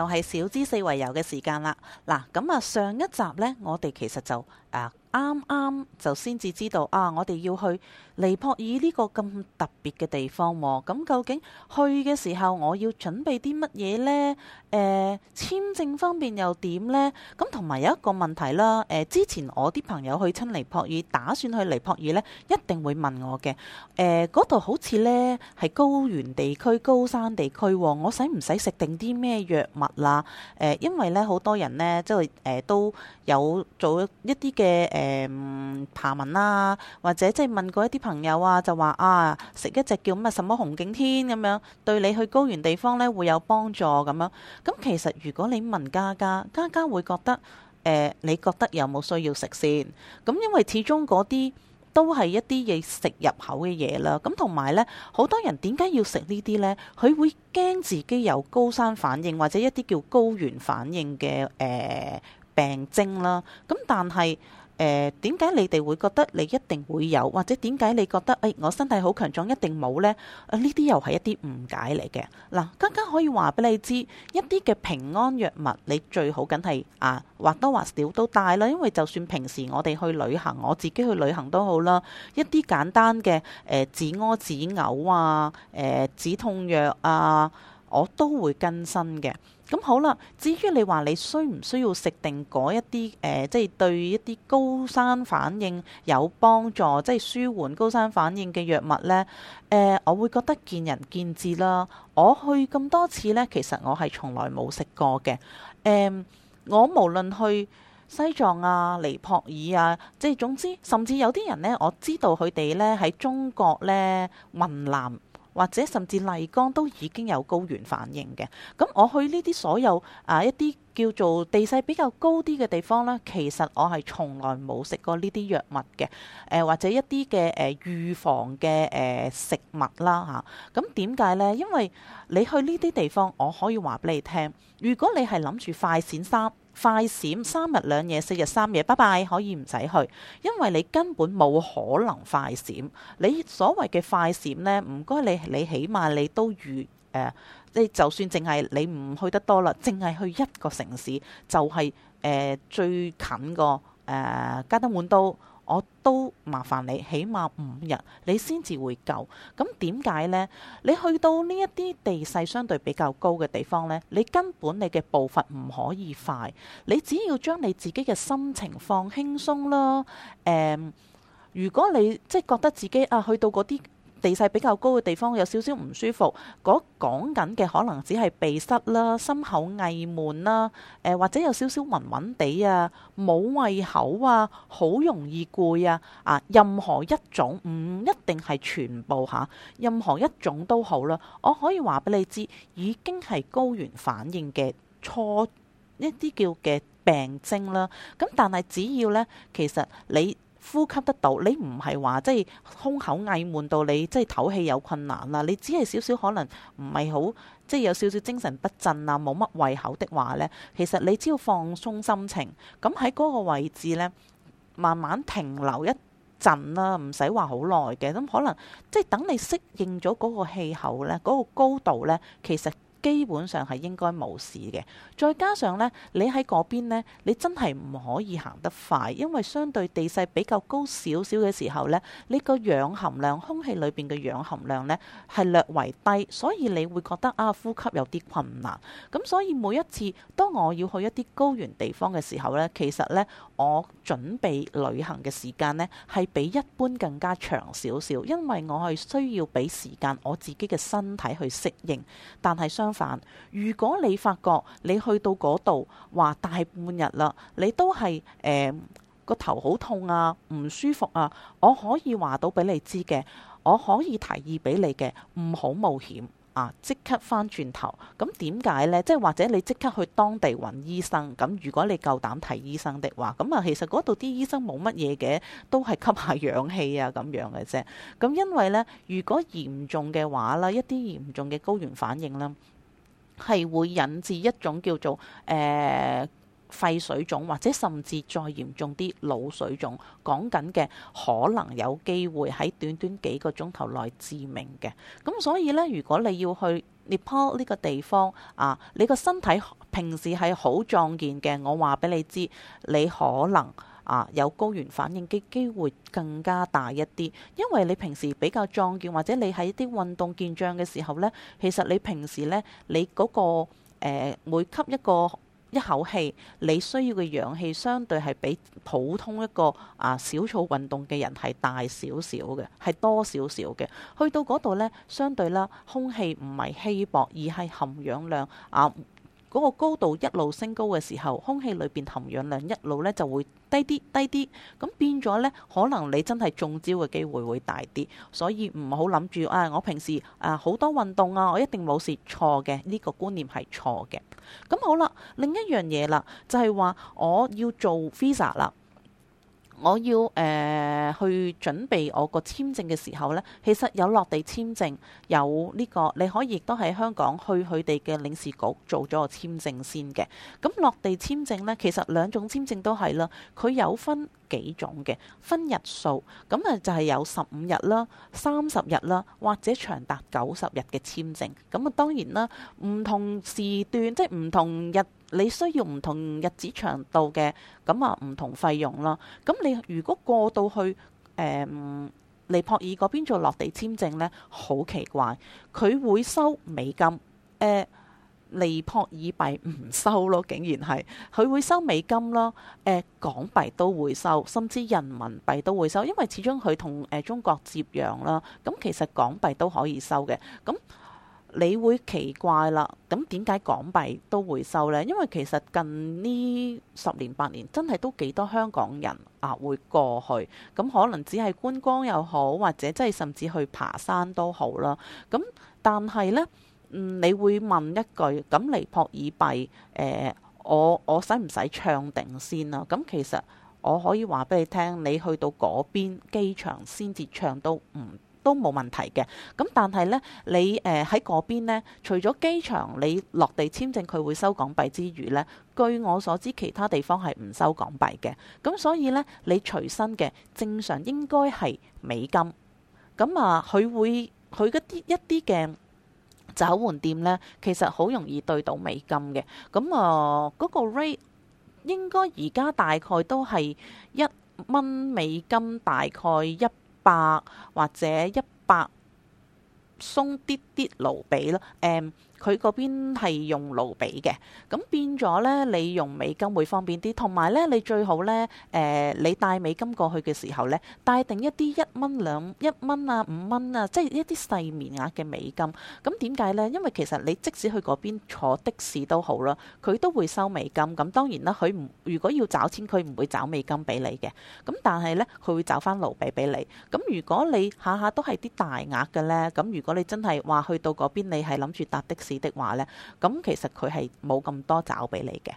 又係小資四圍遊嘅時間啦！嗱，咁啊，上一集咧，我哋其實就誒。Uh, 啱啱就先至知道啊！我哋要去尼泊爾呢個咁特別嘅地方喎、哦，咁、嗯、究竟去嘅時候我要準備啲乜嘢呢？誒、呃，簽證方面又點呢？咁同埋有一個問題啦，誒、呃，之前我啲朋友去親尼泊爾，打算去尼泊爾呢，一定會問我嘅。誒、呃，嗰度好似呢係高原地區、高山地區、哦，我使唔使食定啲咩藥物啊？誒、呃，因為呢，好多人呢，即係誒、呃、都有做一啲嘅誒、嗯，爬文啦、啊，或者即係問過一啲朋友啊，就話啊，食一隻叫乜什麼紅景天咁樣，對你去高原地方呢會有幫助咁樣。咁、嗯、其實如果你問嘉嘉，嘉嘉會覺得誒、呃，你覺得有冇需要食先？咁、嗯、因為始終嗰啲都係一啲嘢食入口嘅嘢啦。咁同埋呢，好多人點解要食呢啲呢？佢會驚自己有高山反應或者一啲叫高原反應嘅誒、呃、病徵啦。咁、嗯、但係，誒，點解你哋會覺得你一定會有，或者點解你覺得誒、哎、我身體好強壯一定冇呢？呢啲又係一啲誤解嚟嘅。嗱，更加可以話俾你知，一啲嘅平安藥物，你最好梗係啊或多或少都帶啦。因為就算平時我哋去旅行，我自己去旅行都好啦，一啲簡單嘅誒、呃、止屙止嘔啊、誒、呃、止痛藥啊，我都會更新嘅。咁好啦，至於你話你需唔需要食定嗰一啲誒，即係對一啲高山反應有幫助，即係舒緩高山反應嘅藥物呢？誒，我會覺得見仁見智啦。我去咁多次呢，其實我係從來冇食過嘅。誒，我無論去西藏啊、尼泊爾啊，即係總之，甚至有啲人呢，我知道佢哋呢喺中國呢，雲南，或者甚至麗江都已經有高原反應嘅，咁我去呢啲所有啊一啲叫做地勢比較高啲嘅地方啦，其實我係從來冇食過呢啲藥物嘅，誒、呃、或者一啲嘅誒預防嘅誒、呃、食物啦嚇，咁點解呢？因為你去呢啲地方，我可以話俾你聽，如果你係諗住快閃衫。快閃三日兩夜、四日三夜，拜拜可以唔使去，因為你根本冇可能快閃。你所謂嘅快閃呢，唔該你，你起碼你都預誒、呃，你就算淨係你唔去得多啦，淨係去一個城市就係、是、誒、呃、最近個誒、呃、加德滿都。我都麻煩你，起碼五日你先至會夠。咁點解呢？你去到呢一啲地勢相對比較高嘅地方呢，你根本你嘅步伐唔可以快。你只要將你自己嘅心情放輕鬆啦。誒，um，如果你即係覺得自己啊，去到嗰啲地勢比較高嘅地方有少少唔舒服，嗰講緊嘅可能只係鼻塞啦、心口翳悶啦、誒、呃、或者有少少暈暈地啊、冇胃口啊、好容易攰啊，啊任何一種唔一定係全部嚇、啊，任何一種都好啦。我可以話俾你知，已經係高原反應嘅初一啲叫嘅病徵啦。咁、啊、但係只要呢，其實你。呼吸得到，你唔係話即係胸口翳悶到你即係唞氣有困難啦，你只係少少可能唔係好即係有少少精神不振啦，冇乜胃口的話呢，其實你只要放鬆心情，咁喺嗰個位置呢，慢慢停留一陣啦，唔使話好耐嘅，咁可能即係等你適應咗嗰個氣候呢，嗰個高度呢，其實。基本上係應該冇事嘅，再加上咧,你喺嗰邊咧,你真係唔可以行得快，因為相對地勢比較高少少嘅時候咧,你個氧含量、空氣裏邊嘅氧含量咧係略為低,所以你會覺得啊，呼吸有啲困難，咁所以每一次當我要去一啲高原地方嘅時候咧,其實咧我準備旅行嘅時間咧係比一般更加長少少,因為我係需要俾時間我自己嘅身體去適應,但係相。如果你發覺你去到嗰度話大半日啦，你都係誒、呃、個頭好痛啊，唔舒服啊，我可以話到俾你知嘅，我可以提議俾你嘅，唔好冒險啊，即刻返轉頭。咁點解呢？即係或者你即刻去當地揾醫生。咁如果你夠膽睇醫生的話，咁啊，其實嗰度啲醫生冇乜嘢嘅，都係吸下氧氣啊，咁樣嘅啫。咁因為呢，如果嚴重嘅話啦，一啲嚴重嘅高原反應啦。係會引致一種叫做誒、呃、肺水腫，或者甚至再嚴重啲腦水腫。講緊嘅可能有機會喺短短幾個鐘頭內致命嘅。咁所以呢，如果你要去尼泊爾呢個地方啊，你個身體平時係好壯健嘅，我話俾你知，你可能。啊！有高原反應嘅機會更加大一啲，因為你平時比較壯健，或者你喺啲運動健將嘅時候呢，其實你平時呢，你嗰、嗰個、呃、每吸一個一口氣，你需要嘅氧氣相對係比普通一個啊小草運動嘅人係大少少嘅，係多少少嘅。去到嗰度呢，相對啦，空氣唔係稀薄，而係含氧量啊嗰、嗰個高度一路升高嘅時候，空氣裏邊含氧量一路呢就會。低啲，低啲咁變咗呢，可能你真係中招嘅機會會大啲，所以唔好諗住啊！我平時啊好多運動啊，我一定冇事，錯嘅，呢個觀念係錯嘅。咁好啦，另一樣嘢啦，就係話我要做 visa 啦。我要誒、呃、去準備我個簽證嘅時候呢，其實有落地簽證，有呢、這個你可以亦都喺香港去佢哋嘅領事局做咗個簽證先嘅。咁、嗯、落地簽證呢，其實兩種簽證都係啦，佢有分幾種嘅，分日數。咁、嗯、啊就係、是、有十五日啦、三十日啦，或者長達九十日嘅簽證。咁、嗯、啊當然啦，唔同時段即係唔同日。你需要唔同日子長度嘅，咁啊唔同費用啦。咁你如果過到去誒尼泊爾嗰邊做落地簽證呢，好奇怪，佢會收美金，誒尼泊爾幣唔收咯，竟然係佢會收美金咯，誒、呃、港幣都會收，甚至人民幣都會收，因為始終佢同誒中國接壤啦。咁、嗯、其實港幣都可以收嘅，咁、嗯。你會奇怪啦，咁點解港幣都會收呢？因為其實近呢十年八年，真係都幾多香港人啊會過去，咁可能只係觀光又好，或者即係甚至去爬山都好啦。咁但係呢，嗯，你會問一句：咁尼泊爾幣，誒、呃，我我使唔使唱定先啊？咁其實我可以話俾你聽，你去到嗰邊機場先至唱都唔。都冇問題嘅，咁但係咧，你誒喺嗰邊咧，除咗機場你落地簽證佢會收港幣之餘咧，據我所知其他地方係唔收港幣嘅，咁所以咧，你隨身嘅正常應該係美金，咁啊佢會佢嗰啲一啲嘅找換店咧，其實好容易對到美金嘅，咁啊嗰個 rate 應該而家大概都係一蚊美金大概一。百或者一百鬆啲啲盧比咯，誒。佢嗰邊係用盧比嘅，咁變咗咧，你用美金會方便啲。同埋咧，你最好咧，誒、呃、你帶美金過去嘅時候咧，帶定一啲一蚊兩一蚊啊五蚊啊，即係一啲細面額嘅美金。咁點解咧？因為其實你即使去嗰邊坐的士都好啦，佢都會收美金。咁當然啦，佢唔如果要找錢，佢唔會找美金俾你嘅。咁但係咧，佢會找翻盧比俾你。咁如果你下下都係啲大額嘅咧，咁如果你真係話去到嗰邊，你係諗住搭的。的話呢，咁其實佢係冇咁多找俾你嘅。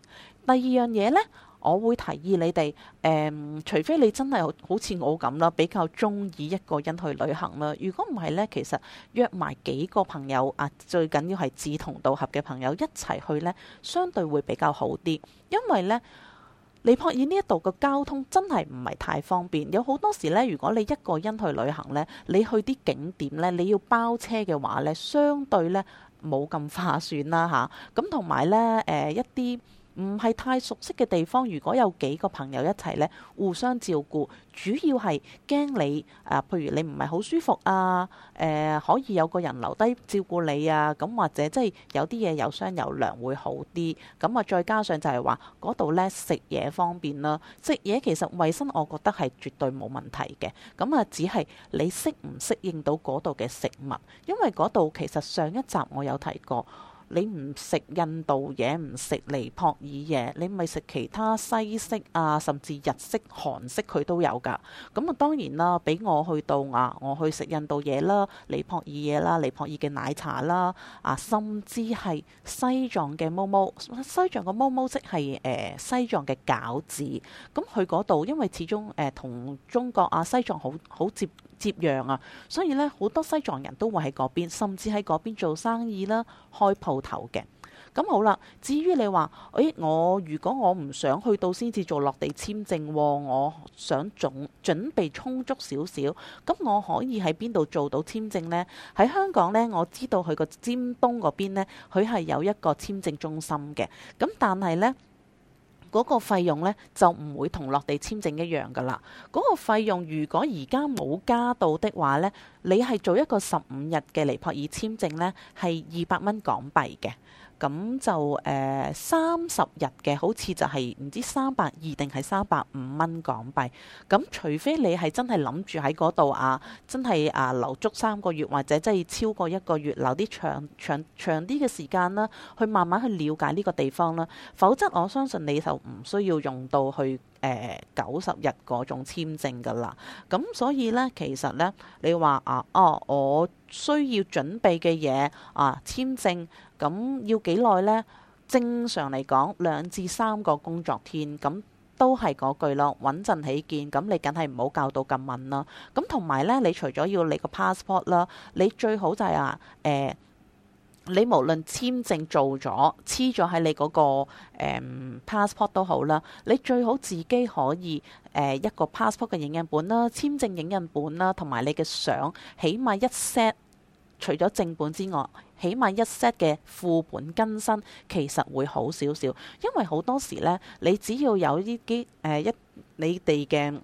第二樣嘢呢，我會提議你哋誒、嗯，除非你真係好似我咁啦，比較中意一個人去旅行啦。如果唔係呢，其實約埋幾個朋友啊，最緊要係志同道合嘅朋友一齊去呢，相對會比較好啲。因為呢，尼泊爾呢一度嘅交通真係唔係太方便，有好多時呢，如果你一個人去旅行呢，你去啲景點呢，你要包車嘅話呢，相對呢。冇咁化算啦吓，咁同埋咧誒，一啲，唔係太熟悉嘅地方，如果有幾個朋友一齊呢，互相照顧，主要係驚你啊。譬如你唔係好舒服啊，誒、啊、可以有個人留低照顧你啊。咁、啊、或者即係有啲嘢有商有量會好啲。咁啊，再加上就係話嗰度呢，食嘢方便啦。食嘢其實衞生，我覺得係絕對冇問題嘅。咁啊，只係你適唔適應到嗰度嘅食物，因為嗰度其實上一集我有提過。.你唔食印度嘢，唔食尼泊爾嘢，你咪食其他西式啊，甚至日式、韓式佢都有㗎。咁啊，當然啦，俾我去到啊，我去食印度嘢啦，尼泊爾嘢啦，尼泊爾嘅奶茶啦，啊，甚至係西藏嘅毛毛，西藏嘅毛毛即係誒西藏嘅餃子。咁去嗰度，因為始終誒同中國啊西藏好好接。接壤啊，所以呢好多西藏人都會喺嗰邊，甚至喺嗰邊做生意啦，開鋪頭嘅。咁、嗯、好啦，至於你話，誒、哎，我如果我唔想去到先至做落地簽證、啊，我想準準備充足少少，咁、嗯、我可以喺邊度做到簽證呢？喺香港呢，我知道佢個尖東嗰邊呢，佢係有一個簽證中心嘅。咁、嗯、但係呢。嗰個費用呢，就唔會同落地簽證一樣噶啦，嗰、嗰個費用如果而家冇加到的話呢，你係做一個十五日嘅尼泊爾簽證呢，係二百蚊港幣嘅。咁、嗯、就誒三十日嘅，好似就係、是、唔知三百二定係三百五蚊港幣。咁、嗯、除非你係真係諗住喺嗰度啊，真係啊留足三個月，或者真係超過一個月留啲長長長啲嘅時間啦，去慢慢去了解呢個地方啦。否則我相信你就唔需要用到去誒九十日嗰種簽證㗎喇。咁、嗯、所以呢，其實呢，你話啊哦、啊，我需要準備嘅嘢啊簽證。簽咁要幾耐呢？正常嚟講，兩至三個工作天，咁都係嗰句咯，穩陣起見。咁你梗係唔好教到咁敏啦。咁同埋呢，你除咗要你個 passport 啦，你最好就係、是、啊，誒、呃，你無論簽證做咗黐咗喺你嗰、那個、呃、passport 都好啦，你最好自己可以誒、呃、一個 passport 嘅影印本啦，簽證影印本啦，同埋你嘅相，起碼一 set。除咗正本之外，起碼一 set 嘅副本更新其實會好少少，因為好多時呢，你只要有呢啲誒一、呃、一你哋嘅。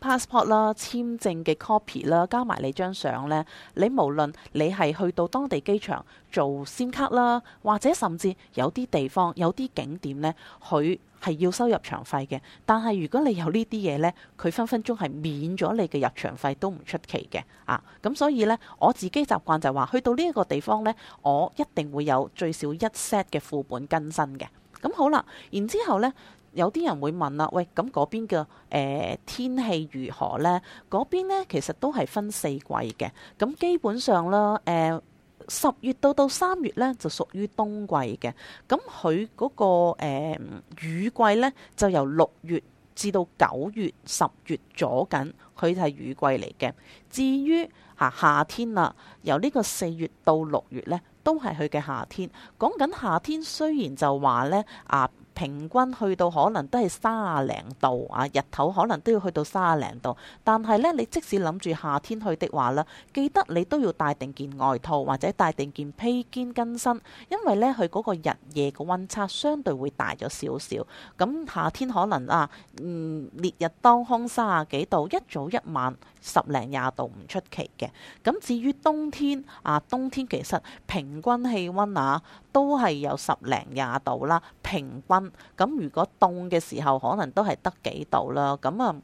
passport 啦、簽證嘅 copy 啦，加埋你張相呢。你無論你係去到當地機場做 sim 卡啦，或者甚至有啲地方、有啲景點呢，佢係要收入場費嘅。但係如果你有呢啲嘢呢，佢分分鐘係免咗你嘅入場費都唔出奇嘅啊！咁所以呢，我自己習慣就話，去到呢一個地方呢，我一定會有最少一 set 嘅副本更新嘅。咁好啦，然之後呢。有啲人會問啦，喂，咁嗰邊嘅誒天氣如何呢？嗰邊呢，其實都係分四季嘅。咁基本上啦，誒、呃、十月到到三月呢，就屬於冬季嘅。咁佢嗰個、呃、雨季呢，就由六月至到九月、十月左右，佢就係雨季嚟嘅。至於嚇、啊、夏天啦，由呢個四月到六月呢，都係佢嘅夏天。講緊夏天雖然就話呢。啊。平均去到可能都係卅零度啊，日頭可能都要去到卅零度。但係咧，你即使諗住夏天去的話咧，記得你都要帶定件外套或者帶定件披肩跟身，因為咧佢嗰個日夜嘅温差相對會大咗少少。咁、嗯、夏天可能啊，嗯烈日當空卅幾度，一早一晚十零廿度唔出奇嘅。咁、嗯、至於冬天啊，冬天其實平均氣温啊都係有十零廿度啦，平均。咁、嗯、如果凍嘅時候，可能都係得幾度啦。咁啊，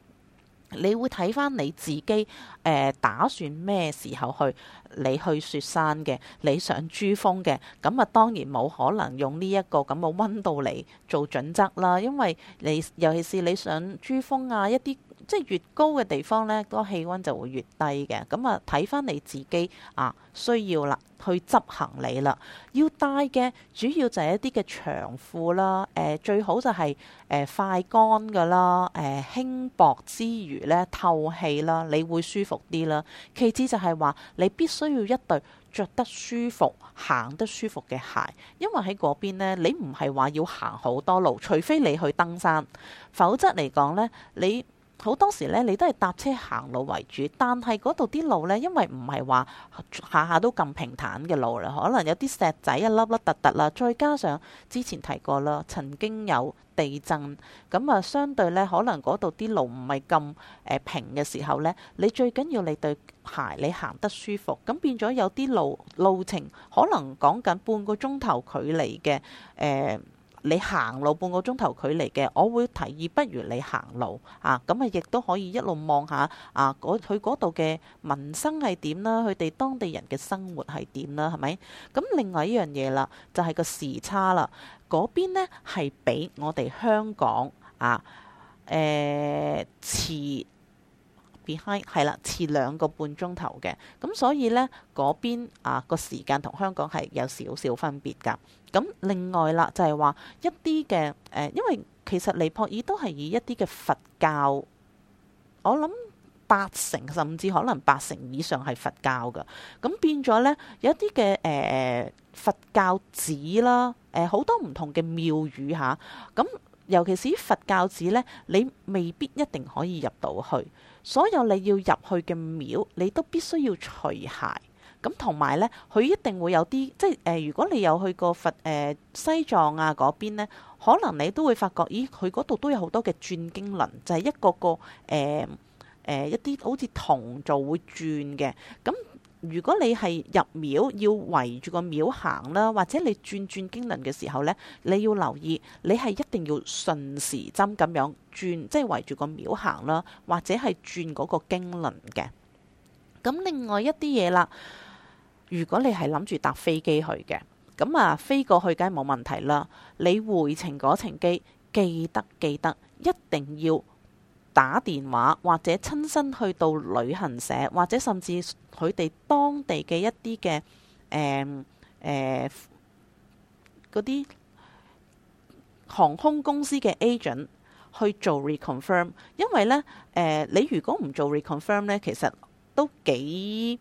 你會睇翻你自己誒、呃，打算咩時候去？你去雪山嘅，你上珠峰嘅，咁啊，當然冇可能用呢一個咁嘅溫度嚟做準則啦。因為你尤其是你上珠峰啊，一啲。即係越高嘅地方呢，嗰個氣温就會越低嘅。咁啊，睇返你自己啊，需要啦，去執行李啦，要帶嘅主要就係一啲嘅長褲啦。誒、呃，最好就係、是、誒、呃、快乾㗎啦，誒、呃、輕薄之餘呢，透氣啦，你會舒服啲啦。其次就係話你必須要一對着得舒服、行得舒服嘅鞋，因為喺嗰邊呢，你唔係話要行好多路，除非你去登山，否則嚟講呢，你。好多時咧，你都係搭車行路為主，但係嗰度啲路咧，因為唔係話下下都咁平坦嘅路啦，可能有啲石仔一粒粒凸凸啦，再加上之前提過啦，曾經有地震，咁啊，相對咧，可能嗰度啲路唔係咁誒平嘅時候咧，你最緊要你對鞋你行得舒服，咁變咗有啲路路程可能講緊半個鐘頭距離嘅誒。呃你行路半個鐘頭距離嘅，我會提議不如你行路啊，咁啊亦都可以一路望下啊，嗰度嘅民生係點啦，佢哋當地人嘅生活係點啦，係咪？咁另外一樣嘢啦，就係、是、個時差啦，嗰邊呢係比我哋香港啊，誒、啊、遲。啊啊係啦，遲兩個半鐘頭嘅，咁所以呢，嗰邊啊個時間同香港係有少少分別噶。咁另外啦，就係話一啲嘅，誒，因為其實尼泊爾都係以一啲嘅佛教，我諗八成甚至可能八成以上係佛教噶。咁變咗呢，有一啲嘅，誒，佛教寺啦，誒好多唔同嘅廟宇吓。咁尤其是佛教寺呢，你未必一定可以入到去。所有你要入去嘅廟，你都必須要除鞋。咁同埋呢，佢一定會有啲，即係誒、呃，如果你有去過佛誒、呃、西藏啊嗰邊呢，可能你都會發覺，咦，佢嗰度都有好多嘅轉經輪，就係、是、一個個誒誒、呃呃、一啲好似銅做會轉嘅，咁。如果你係入廟要圍住個廟行啦，或者你轉轉經輪嘅時候呢，你要留意，你係一定要順時針咁樣轉，即係圍住個廟行啦，或者係轉嗰個經輪嘅。咁另外一啲嘢啦，如果你係諗住搭飛機去嘅，咁啊飛過去梗係冇問題啦。你回程嗰程機，記得記得，一定要，打電話或者親身去到旅行社，或者甚至佢哋當地嘅一啲嘅誒誒嗰啲航空公司嘅 agent 去做 reconfirm，因為呢，誒、呃、你如果唔做 reconfirm 呢，irm，其實都幾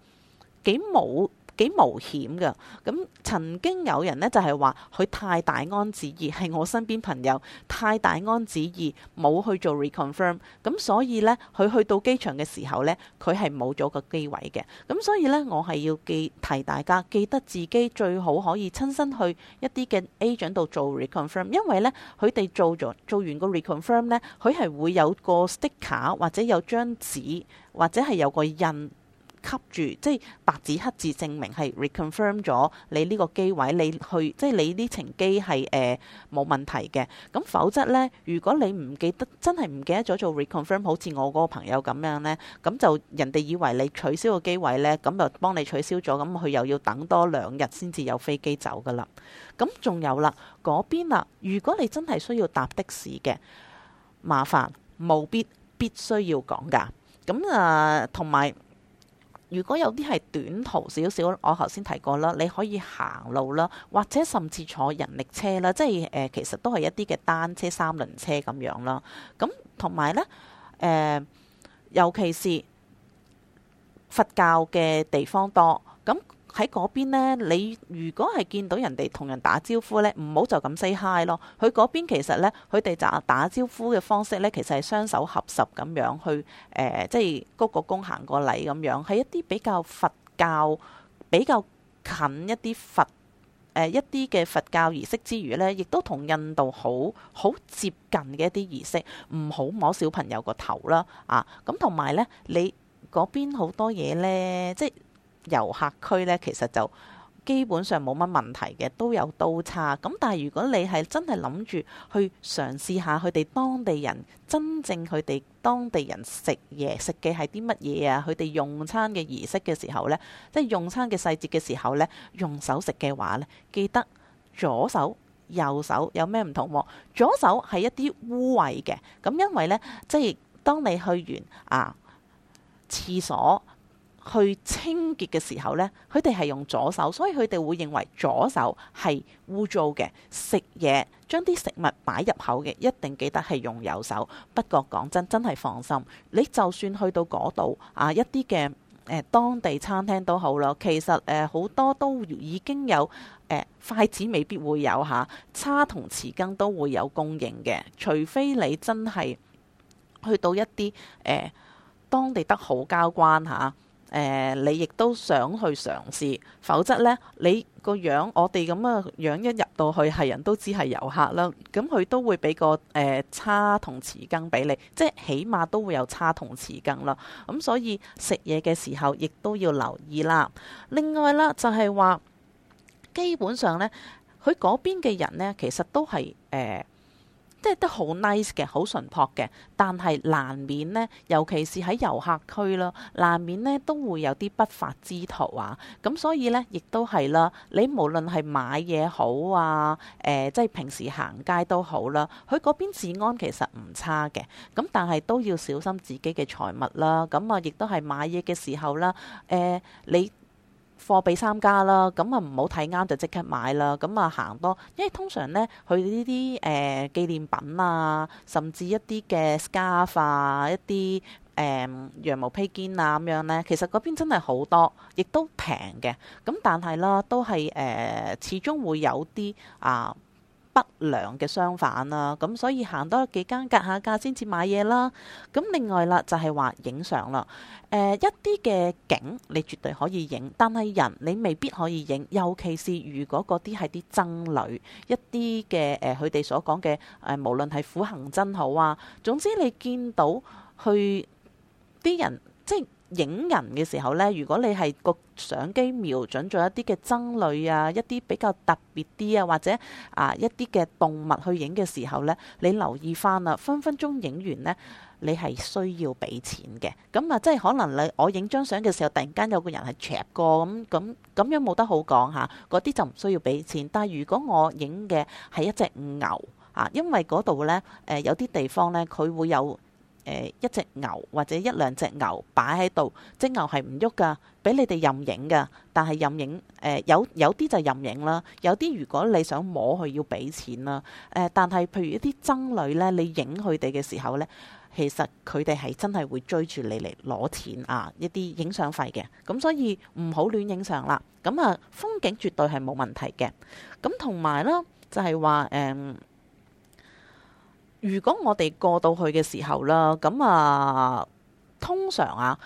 幾冇，幾冒險㗎？咁曾經有人呢，就係話佢太大安旨意，係我身邊朋友太大安旨意，冇去做 reconfirm。咁所以呢，佢去到機場嘅時候呢，佢係冇咗個機位嘅。咁所以呢，我係要記提大家記得自己最好可以親身去一啲嘅 agent 度做 reconfirm，因為呢，佢哋做咗做完個 reconfirm 呢，佢係會有個 sticker 或者有張紙或者係有個印。吸住，即係白紙黑字證明係 reconfirm 咗你呢個機位，你去即係你呢程機係誒冇問題嘅。咁否則呢？如果你唔記得，真係唔記得咗做 reconfirm，好似我嗰個朋友咁樣呢，咁就人哋以為你取消個機位呢，咁就幫你取消咗，咁佢又要等多兩日先至有飛機走噶啦。咁仲有啦，嗰邊啦，啊，如果你真係需要搭的士嘅，麻煩無必必須要講噶。咁啊，同、呃、埋。如果有啲係短途少少，我頭先提過啦，你可以行路啦，或者甚至坐人力車啦，即係誒、呃，其實都係一啲嘅單車、三輪車咁樣啦。咁同埋呢，誒、呃，尤其是佛教嘅地方多，咁、嗯。喺嗰邊呢，你如果係見到人哋同人打招呼呢，唔好就咁 say hi 咯。佢嗰邊其實呢，佢哋就打招呼嘅方式呢，其實係雙手合十咁樣去誒、呃，即係鞠個躬行個禮咁樣。喺一啲比較佛教比較近一啲佛誒、呃、一啲嘅佛教儀式之餘呢，亦都同印度好好接近嘅一啲儀式，唔好摸小朋友個頭啦。啊，咁同埋呢，你嗰邊好多嘢呢。即係。遊客區呢，其實就基本上冇乜問題嘅，都有刀叉。咁但係如果你係真係諗住去嘗試下佢哋當地人真正佢哋當地人食嘢食嘅係啲乜嘢啊？佢哋用餐嘅儀式嘅時候呢，即係用餐嘅細節嘅時候呢，用手食嘅話呢，記得左手右手有咩唔同喎、啊？左手係一啲污穢嘅，咁因為呢，即係當你去完啊廁所。去清潔嘅時候呢，佢哋係用左手，所以佢哋會認為左手係污糟嘅。食嘢將啲食物擺入口嘅，一定記得係用右手。不過講真，真係放心，你就算去到嗰度啊，一啲嘅誒當地餐廳都好咯。其實誒好、呃、多都已經有誒、呃、筷子，未必會有嚇、啊、叉同匙羹都會有供應嘅，除非你真係去到一啲誒、呃、當地得好交關嚇。啊誒、呃，你亦都想去嘗試，否則呢，你個樣我哋咁嘅樣，樣一入到去，係人都知係遊客啦，咁、嗯、佢都會俾個誒、呃、叉同匙羹俾你，即係起碼都會有叉同匙羹啦。咁、嗯、所以食嘢嘅時候，亦都要留意啦。另外啦，就係、是、話，基本上呢，佢嗰邊嘅人呢，其實都係誒。呃即係都好 nice 嘅，好淳樸嘅，但係難免呢，尤其是喺遊客區咯，難免呢都會有啲不法之徒啊。咁所以呢，亦都係啦。你無論係買嘢好啊，誒、呃，即係平時行街都好啦。佢嗰邊治安其實唔差嘅，咁但係都要小心自己嘅財物啦。咁、嗯、啊，亦都係買嘢嘅時候啦，誒、呃，你。貨比三家啦，咁啊唔好睇啱就即刻買啦，咁啊行多，因為通常呢，佢呢啲誒紀念品啊，甚至一啲嘅 scarf 啊，一啲誒、呃、羊毛披肩啊咁樣呢，其實嗰邊真係好多，亦都平嘅，咁但係啦，都係誒、呃，始終會有啲啊。不良嘅商販啦、啊，咁所以行多幾間格下價先至買嘢啦。咁另外啦，就係話影相啦。誒、呃，一啲嘅景你絕對可以影，但係人你未必可以影，尤其是如果嗰啲係啲僧侶，一啲嘅誒佢哋所講嘅誒，無論係苦行僧好啊，總之你見到去啲人。影人嘅時候呢，如果你係個相機瞄準咗一啲嘅僧侶啊，一啲比較特別啲啊，或者啊一啲嘅動物去影嘅時候呢，你留意翻啦，分分鐘影完呢，你係需要俾錢嘅。咁啊，即係可能你我影張相嘅時候，突然間有個人係錫過咁咁咁樣冇得好講嚇，嗰、啊、啲就唔需要俾錢。但係如果我影嘅係一隻牛啊，因為嗰度呢，誒、呃、有啲地方呢，佢會有。誒、呃、一隻牛或者一兩隻牛擺喺度，隻牛係唔喐噶，俾你哋任影噶。但係任影誒、呃、有有啲就任影啦，有啲如果你想摸佢要俾錢啦。誒、呃，但係譬如一啲僧侶咧，你影佢哋嘅時候咧，其實佢哋係真係會追住你嚟攞錢啊，一啲影相費嘅。咁、嗯、所以唔好亂影相啦。咁、嗯、啊，風景絕對係冇問題嘅。咁同埋啦，就係話誒。嗯如果我哋過到去嘅時候啦，咁啊，通常啊，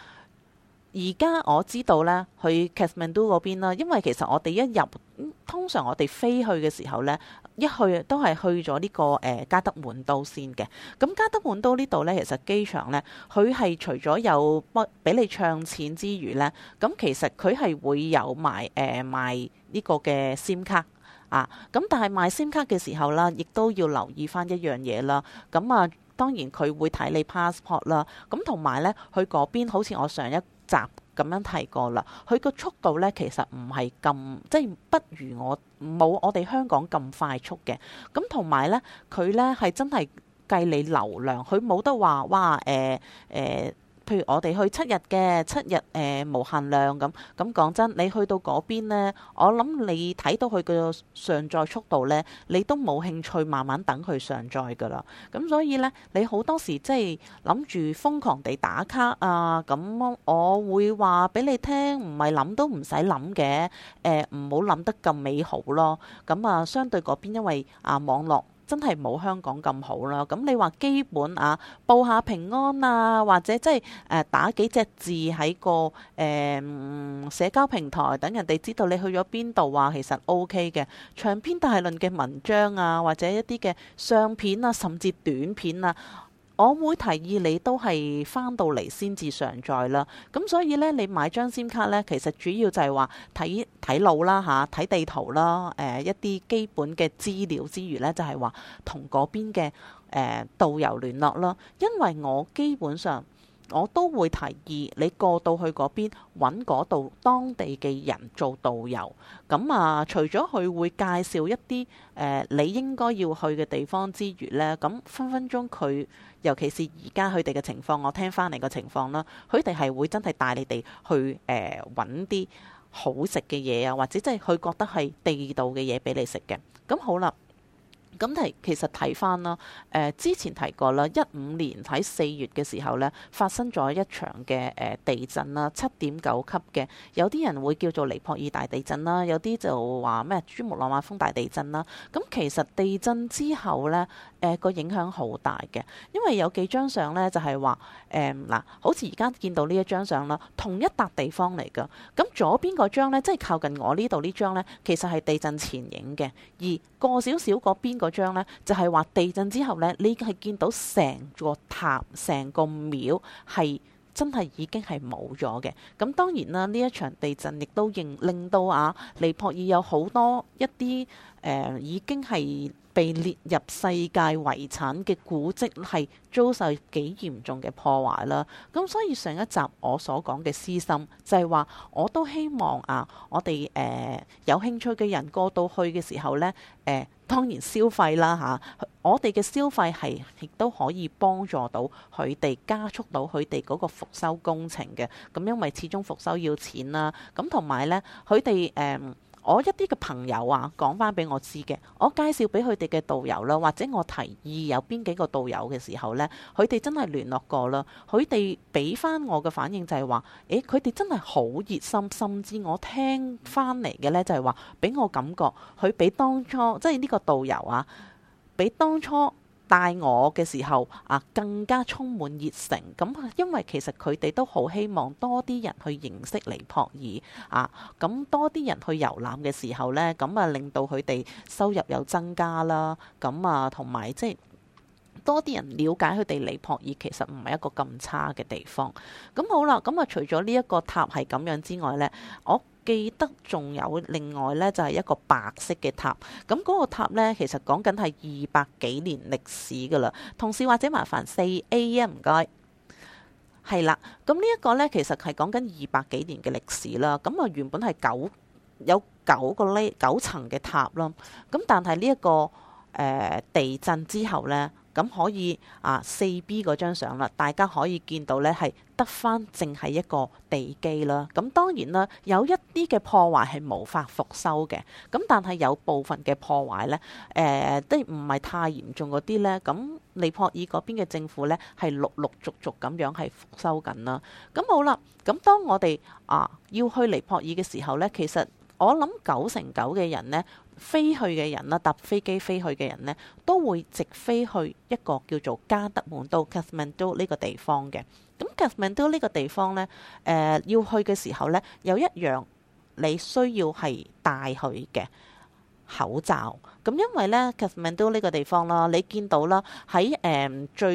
而家我知道呢，去 Kathmandu 嗰邊啦，因為其實我哋一入，通常我哋飛去嘅時候呢，一去都係去咗呢、這個誒、呃、加德滿都先嘅。咁加德滿都呢度呢，其實機場呢，佢係除咗有乜俾你唱錢之餘呢，咁其實佢係會有賣誒、呃、賣呢個嘅 SIM 卡。啊，咁但係買 SIM 卡嘅時候啦，亦都要留意返一樣嘢啦。咁啊，當然佢會睇你 passport 啦、啊。咁同埋咧，佢嗰邊好似我上一集咁樣提過啦，佢個速度咧其實唔係咁，即係不如我冇我哋香港咁快速嘅。咁同埋咧，佢咧係真係計你流量，佢冇得話哇誒誒。呃呃譬如我哋去七日嘅七日誒、呃、無限量咁，咁講真，你去到嗰邊呢，我諗你睇到佢個上載速度呢，你都冇興趣慢慢等佢上載噶啦。咁所以呢，你好多時即係諗住瘋狂地打卡啊！咁我會話俾你聽，唔係諗都唔使諗嘅。誒唔好諗得咁美好咯。咁啊，相對嗰邊因為啊網絡，.真係冇香港咁好啦！咁你話基本啊，報下平安啊，或者即係、呃、打幾隻字喺個、呃、社交平台，等人哋知道你去咗邊度，話其實 OK 嘅長篇大論嘅文章啊，或者一啲嘅相片啊，甚至短片啊。我會提議你都係翻到嚟先至上載啦，咁所以呢，你買張 SIM 卡呢，其實主要就係話睇睇路啦嚇，睇地圖啦，誒、呃、一啲基本嘅資料之餘呢，就係話同嗰邊嘅誒、呃、導遊聯絡啦，因為我基本上。我都會提議你過到去嗰邊揾嗰度當地嘅人做導遊，咁、嗯、啊，除咗佢會介紹一啲誒、呃、你應該要去嘅地方之餘呢，咁、嗯、分分鐘佢，尤其是而家佢哋嘅情況，我聽翻嚟嘅情況啦，佢哋係會真係帶你哋去誒揾啲好食嘅嘢啊，或者即係佢覺得係地道嘅嘢俾你食嘅，咁、嗯嗯、好啦。咁提其實睇翻啦，誒、呃、之前提過啦，一五年喺四月嘅時候呢，發生咗一場嘅誒、呃、地震啦，七點九級嘅，有啲人會叫做尼泊爾大地震啦，有啲就話咩珠穆朗瑪峰大地震啦。咁、啊、其實地震之後呢，誒、呃、個影響好大嘅，因為有幾張相呢，就係話，誒嗱，好似而家見到呢一張相啦，同一笪地方嚟噶。咁左邊嗰張咧，即係靠近我呢度呢張呢，其實係地震前影嘅，而過少少嗰邊。嗰張呢，就係、是、話地震之後呢，你係見到成座塔、成個廟係真係已經係冇咗嘅。咁當然啦，呢一場地震亦都令令到啊尼泊爾有好多一啲誒、呃、已經係被列入世界遺產嘅古蹟係遭受幾嚴重嘅破壞啦。咁所以上一集我所講嘅私心就係話，我都希望啊，我哋誒、呃、有興趣嘅人過到去嘅時候呢。誒、呃。當然消費啦嚇、啊，我哋嘅消費係亦都可以幫助到佢哋，加速到佢哋嗰個復修工程嘅。咁、啊、因為始終復修要錢啦，咁同埋咧佢哋誒。我一啲嘅朋友啊，講翻俾我知嘅，我介紹俾佢哋嘅導遊啦、啊，或者我提議有邊幾個導遊嘅時候呢，佢哋真係聯絡過啦，佢哋俾翻我嘅反應就係話，誒佢哋真係好熱心，甚至我聽翻嚟嘅呢，就係話，俾我感覺佢比當初即係呢個導遊啊，比當初。帶我嘅時候啊，更加充滿熱誠。咁、啊、因為其實佢哋都好希望多啲人去認識尼泊爾啊，咁、啊、多啲人去遊覽嘅時候呢，咁啊令到佢哋收入有增加啦。咁啊，同埋即係多啲人了解佢哋尼泊爾，其實唔係一個咁差嘅地方。咁、啊、好啦，咁啊，除咗呢一個塔係咁樣之外呢。我、啊。記得仲有另外呢，就係、是、一個白色嘅塔。咁嗰個塔呢，其實講緊係二百幾年歷史噶啦。同事或者麻煩四 A 啊，唔該。係啦，咁呢一個呢，其實係講緊二百幾年嘅歷史啦。咁啊，原本係九有九個呢九層嘅塔咯。咁但係呢一個誒、呃、地震之後呢。咁可以啊，四 B 嗰張相啦，大家可以見到呢係得翻淨係一個地基啦。咁當然啦，有一啲嘅破壞係無法復修嘅。咁但係有部分嘅破壞呢，誒，都唔係太嚴重嗰啲呢。咁尼泊爾嗰邊嘅政府呢，係陸陸續續咁樣係復修緊啦。咁好啦，咁當我哋啊要去尼泊爾嘅時候呢，其實。我諗九成九嘅人呢，飛去嘅人啦，搭飛機飛去嘅人呢，都會直飛去一個叫做加德滿都 （Kathmandu） 呢個地方嘅。咁 Kathmandu 呢個地方呢，誒、呃、要去嘅時候呢，有一樣你需要係戴佢嘅口罩。咁因為呢 Kathmandu 呢個地方啦，你見到啦，喺誒、呃、最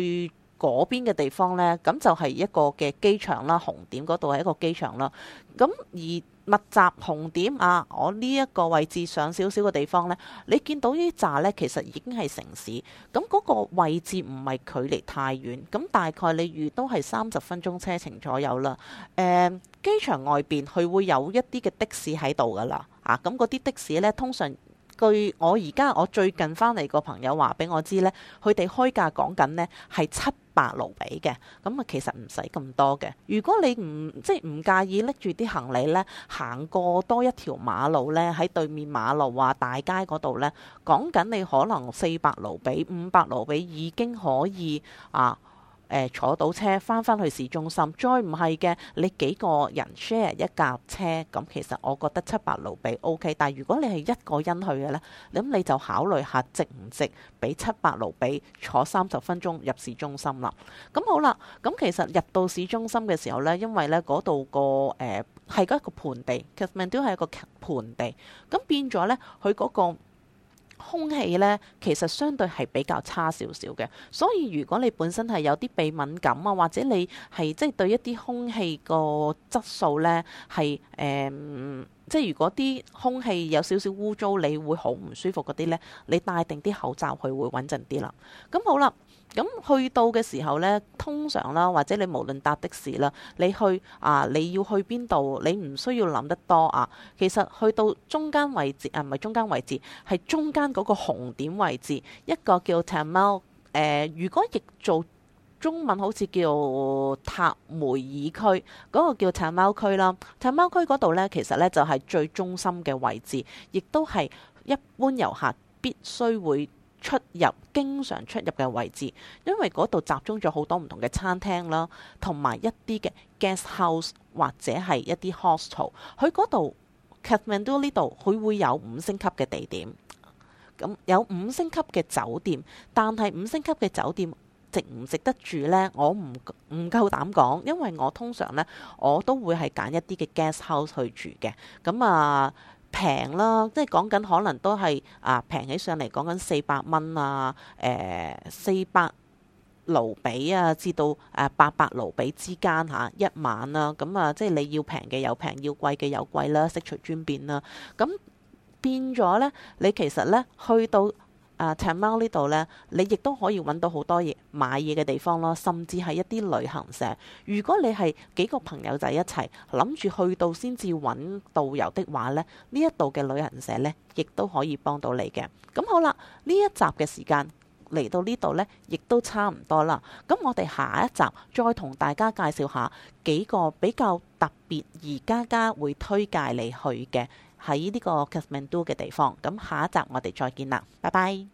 嗰邊嘅地方呢，咁就係一個嘅機場啦，紅點嗰度係一個機場啦。咁而密集紅點啊！我呢一個位置上少少嘅地方呢，你見到呢扎呢？其實已經係城市。咁嗰個位置唔係距離太遠，咁大概你預都係三十分鐘車程左右啦。誒、嗯，機場外邊佢會有一啲嘅的、的士喺度㗎啦。啊，咁嗰啲的士呢，通常據我而家我最近翻嚟個朋友話俾我知呢，佢哋開價講緊呢係七百盧比嘅咁啊，其實唔使咁多嘅。如果你唔即係唔介意拎住啲行李呢，行過多一條馬路呢，喺對面馬路或、啊、大街嗰度呢，講緊你可能四百盧比、五百盧比已經可以啊。呃、坐到車返返去市中心，再唔係嘅，你幾個人 share 一架車，咁其實我覺得七百盧比 OK。但係如果你係一個人去嘅呢，咁你就考慮下值唔值，俾七百盧比坐三十分鐘入市中心啦。咁好啦，咁其實入到市中心嘅時候呢，因為呢嗰度個誒係、呃、一個盆地，Kathmandu 係一個盆地，咁變咗呢，佢嗰、嗰個。空氣咧，其實相對係比較差少少嘅，所以如果你本身係有啲鼻敏感啊，或者你係即係對一啲空氣個質素咧係誒，即係如果啲空氣有少少污糟，你會好唔舒服嗰啲咧，你戴定啲口罩佢會穩陣啲啦。咁好啦。咁去到嘅時候呢，通常啦，或者你無論搭的士啦，你去啊，你要去邊度，你唔需要諗得多啊。其實去到中間位置啊，唔係中間位置，係中間嗰個紅點位置，一個叫塔貓。誒，如果譯做中文，好似叫塔梅爾區，嗰個叫塔貓區啦。塔貓區嗰度呢，其實呢就係最中心嘅位置，亦都係一般遊客必須會出入經常出入嘅位置，因為嗰度集中咗好多唔同嘅餐廳啦，同埋一啲嘅 guest house 或者係一啲 hostel。去嗰度 Kathmandu 呢度，佢會有五星級嘅地點，咁、嗯、有五星級嘅酒店。但係五星級嘅酒店值唔值得住呢？我唔唔夠膽講，因為我通常呢，我都會係揀一啲嘅 guest house 去住嘅。咁、嗯、啊～平啦，即係講緊可能都係啊平起上嚟，講緊四百蚊啊，誒四百盧比啊，至到誒八百盧比之間吓、啊、一晚啦，咁啊即係你要平嘅有平，要貴嘅有貴啦，悉隨尊便啦，咁變咗咧，你其實咧去到。啊！長貓呢度呢，你亦都可以揾到好多嘢買嘢嘅地方咯，甚至係一啲旅行社。如果你係幾個朋友仔一齊諗住去到先至揾導遊的話呢，呢一度嘅旅行社呢，亦都可以幫到你嘅。咁好啦，呢一集嘅時間嚟到呢度呢，亦都差唔多啦。咁我哋下一集再同大家介紹下幾個比較特別，而家家會推介你去嘅。喺呢個加德滿都嘅地方，咁下一集我哋再見啦，拜拜。